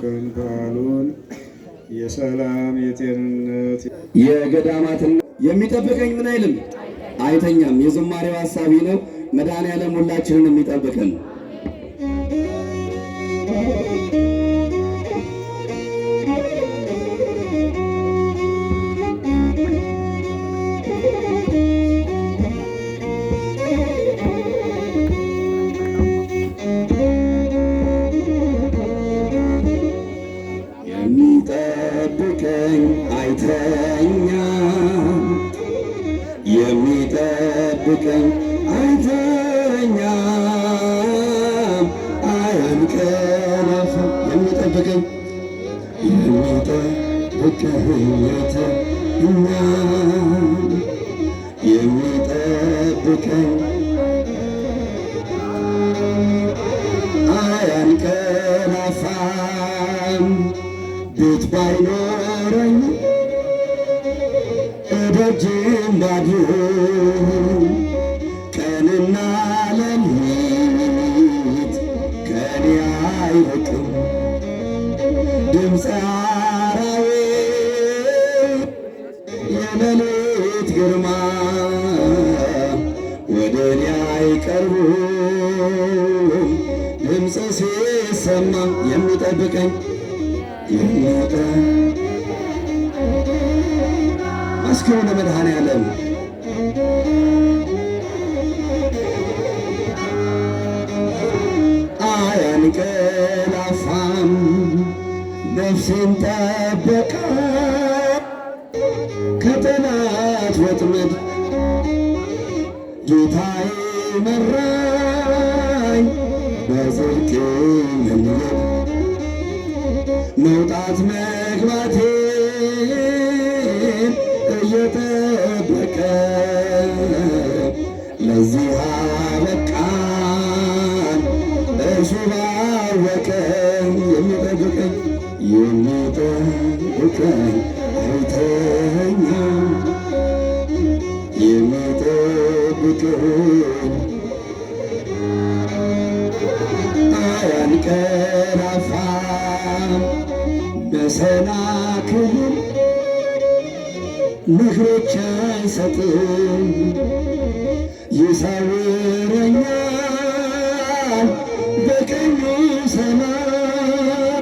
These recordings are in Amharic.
ክንባሉን የሰላም የጤንነት የገዳማትን የሚጠብቀኝ ምን አይልም አይተኛም። የዝማሬው ሀሳቢ ነው። መድኃኔ ዓለም ሁላችንን የሚጠብቀን ድምፅ ሲሰማ የሚጠብቀኝ ይሞተ መስክሩ ለመድኃኔዓለም አያንቀላፋም ነፍሴን ጠበቀ ከጠላት ወጥመድ ጌታዬ መራ መውጣት መግባቴ እየጠበቀ ለዚህ አበቃን እርሱ ባወቀኝ የሚጠብቀኝ የሚጠብቀኝ ምክሮች አይሰጥም ይሰውረኛል በቀኙ ሰማይ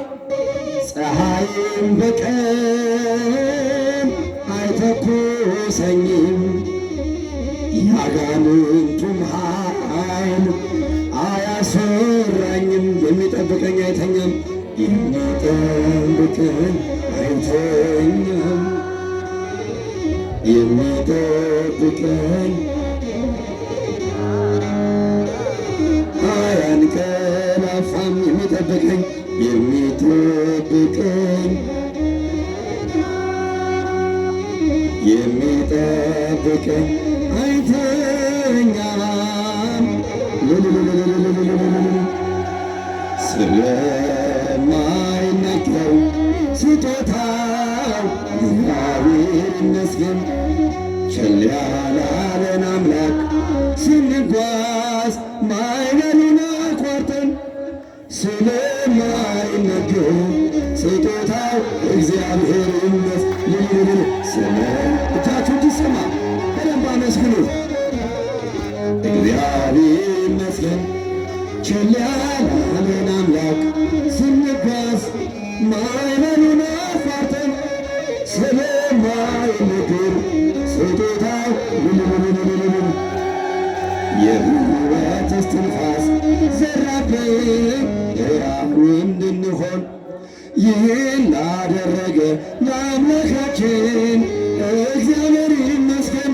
ፀሐይም በቀን አይተኩሰኝም ያጋንንቱም ኃይል አያሰራኝም የሚጠብቀኝ አይተኛም የሚጠብቀኝ አይተኛ የሚጠብቀን አያንቀላፋም የሚጠብቀኝ የሚጠብቀኝ የሚጠብቀኝ አይተኛም ስለ እናመስግን ችል ያላለን አምላክ ስንጓዝ ማዕበሉን አቋርጠን ስለማይነገር ስጦታው እግዚአብሔር ስለ እጃችሁ በደንብ አመስግኑ። እግዚአብሔር ይመስገን ያላለን አምላክ ስንጓዝ ማዕበሉን አቋርጠን እስትንፋስ ዘራብን ሕያው እንድንሆን ይህን አደረገ ለአምላካችን እግዚአብሔር ይመስገን።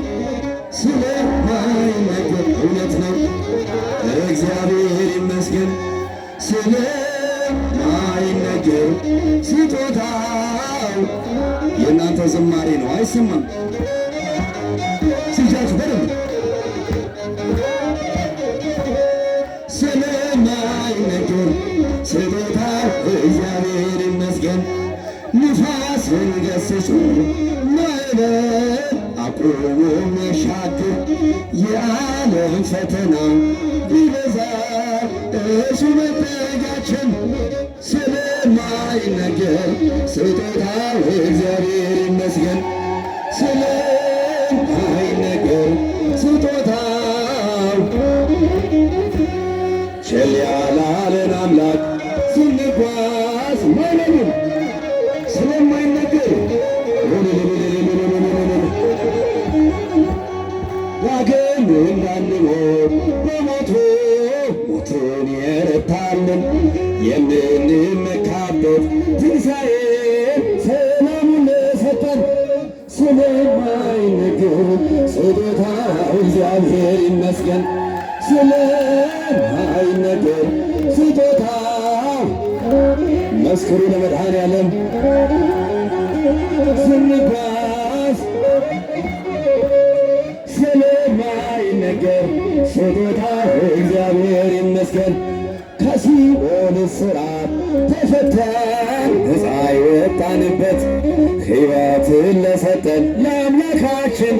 ስለማይነገር እውነት ነው። እግዚአብሔር ይመስገን ስለማይነገር ስጦታው የእናንተ ዝማሬ ነው አይሰማም ስለማይነገር ስጦታ እግዚአብሔር ይመስገን። ንፋስን ገስጾ ማዕበል አቁሞ መሻገር የዓለም ፈተና ይበዛል፣ እሱ መጠጋችን ስለማይነገር ስጦታ እግዚአብሔር ቸል ያላለን አምላክ ስንጓዝ መለሉን ስለማይነገር ዳግም እንዳንሞት በሞቱ ሞትን የረታልን የምንመካበት ትንሣኤ ሰላሙን ለሰጠን ስለማይነገር ስጦታው እግዚአብሔር ይመስገን። ስለማይነገር ስጦታው መስክሩ ለመድኃኔዓለም ስንጓዝ ስለማይነገር ስጦታው እግዚአብሔር ይመስገን። ከሲኦል እስራት ተፈተን ነፃ የወጣንበት ሕይወትን ለሰጠን ለአምላካችን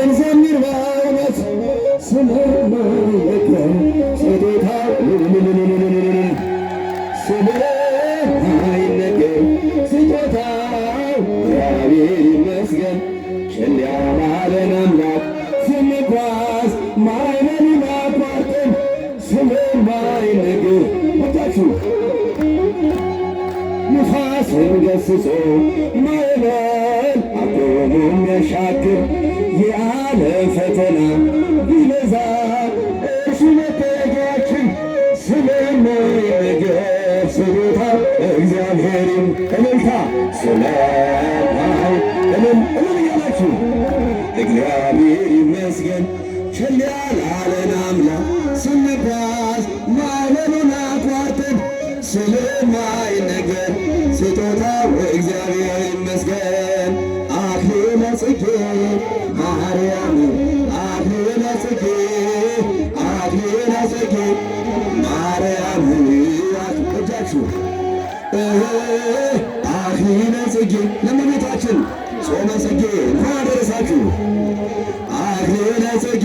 እንዘምር። ስለ እያላችሁ እግዚአብሔር ይመስገን ቸል ያላለን አምላክ ስንጓዝ ማዕበሉን አቋርጠን ስለማይነገር ስጦታው እግዚአብሔር ይመስገን። አክሊለ ጽጌ ማርያም አክሊለ ጽጌ አክሊለ ጽጌ ማርያም እጃችሁ አሁነ ጽጌ ለመቤታችን ጾመ ጽጌ እንኳን አደረሳችሁ። አሁነ ጽጌ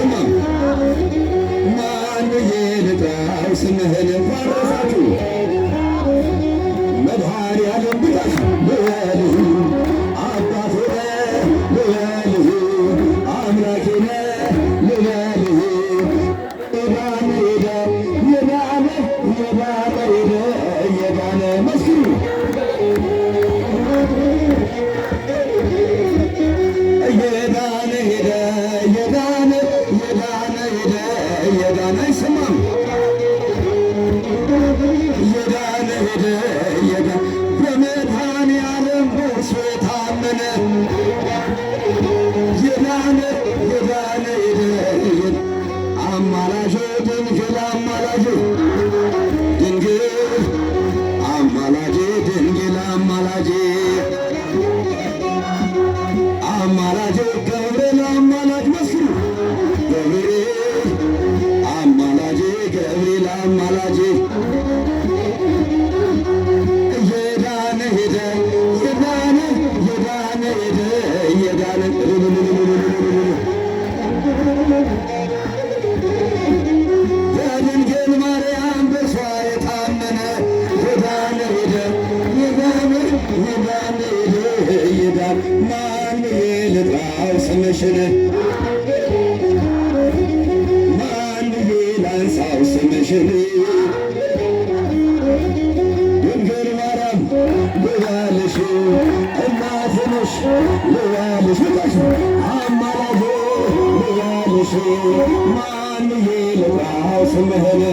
Come मान ये लगा सुनहरे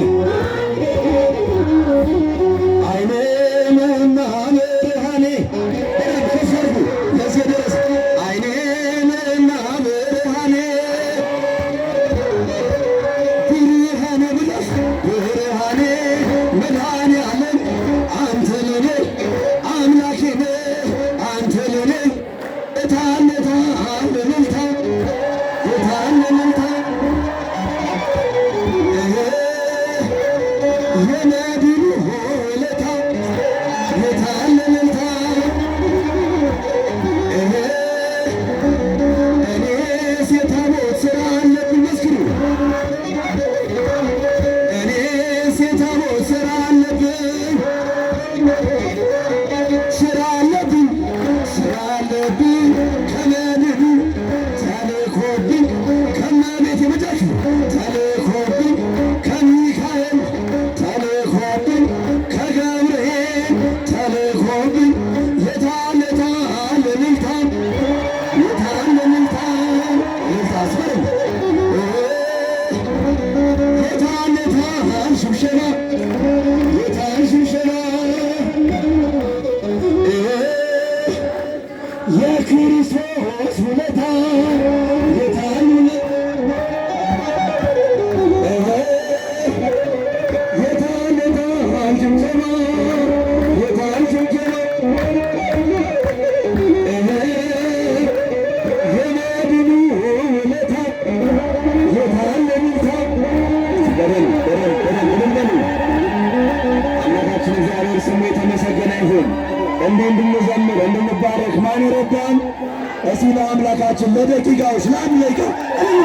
ለሰዓታችን፣ ለደቂቃዎች፣ ለአንድ እልል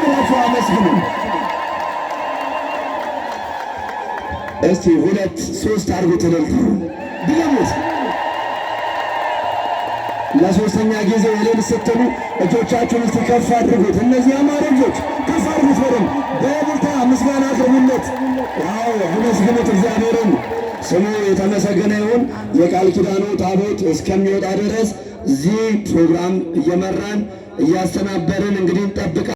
ብላችሁ አመስግኑ። እስቲ ሁለት ሶስት አድርጉት። እልልታ ድገሙት። ለሶስተኛ ጊዜ እልል ስትሉ እጆቻችሁን እስቲ ከፍ አድርጉት። እነዚህ አማረ ልጆች ከፍ አድርጉት። በደም በብርታ ምስጋና አቅርቡለት። አዎ አመስግኑት እግዚአብሔርን። ስሙ የተመሰገነ ይሁን። የቃል ኪዳኑ ታቦት እስከሚወጣ ድረስ እዚህ ፕሮግራም እየመራን እያሰናበርን እንግዲህ እንጠብቃለን።